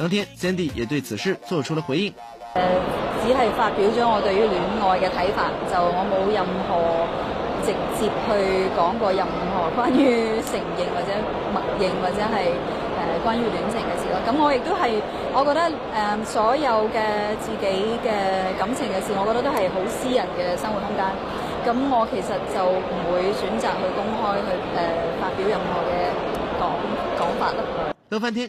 當天 Candy 也對此事做出了回應。誒、呃，只係發表咗我對於戀愛嘅睇法，就我冇任何直接去講過任何關於承認或者默認或者係誒、呃、關於戀情嘅事咯。咁我亦都係，我覺得誒、呃、所有嘅自己嘅感情嘅事，我覺得都係好私人嘅生活空間。咁我其實就唔會選擇去公開去誒、呃、發表任何嘅講講法咯。翻天。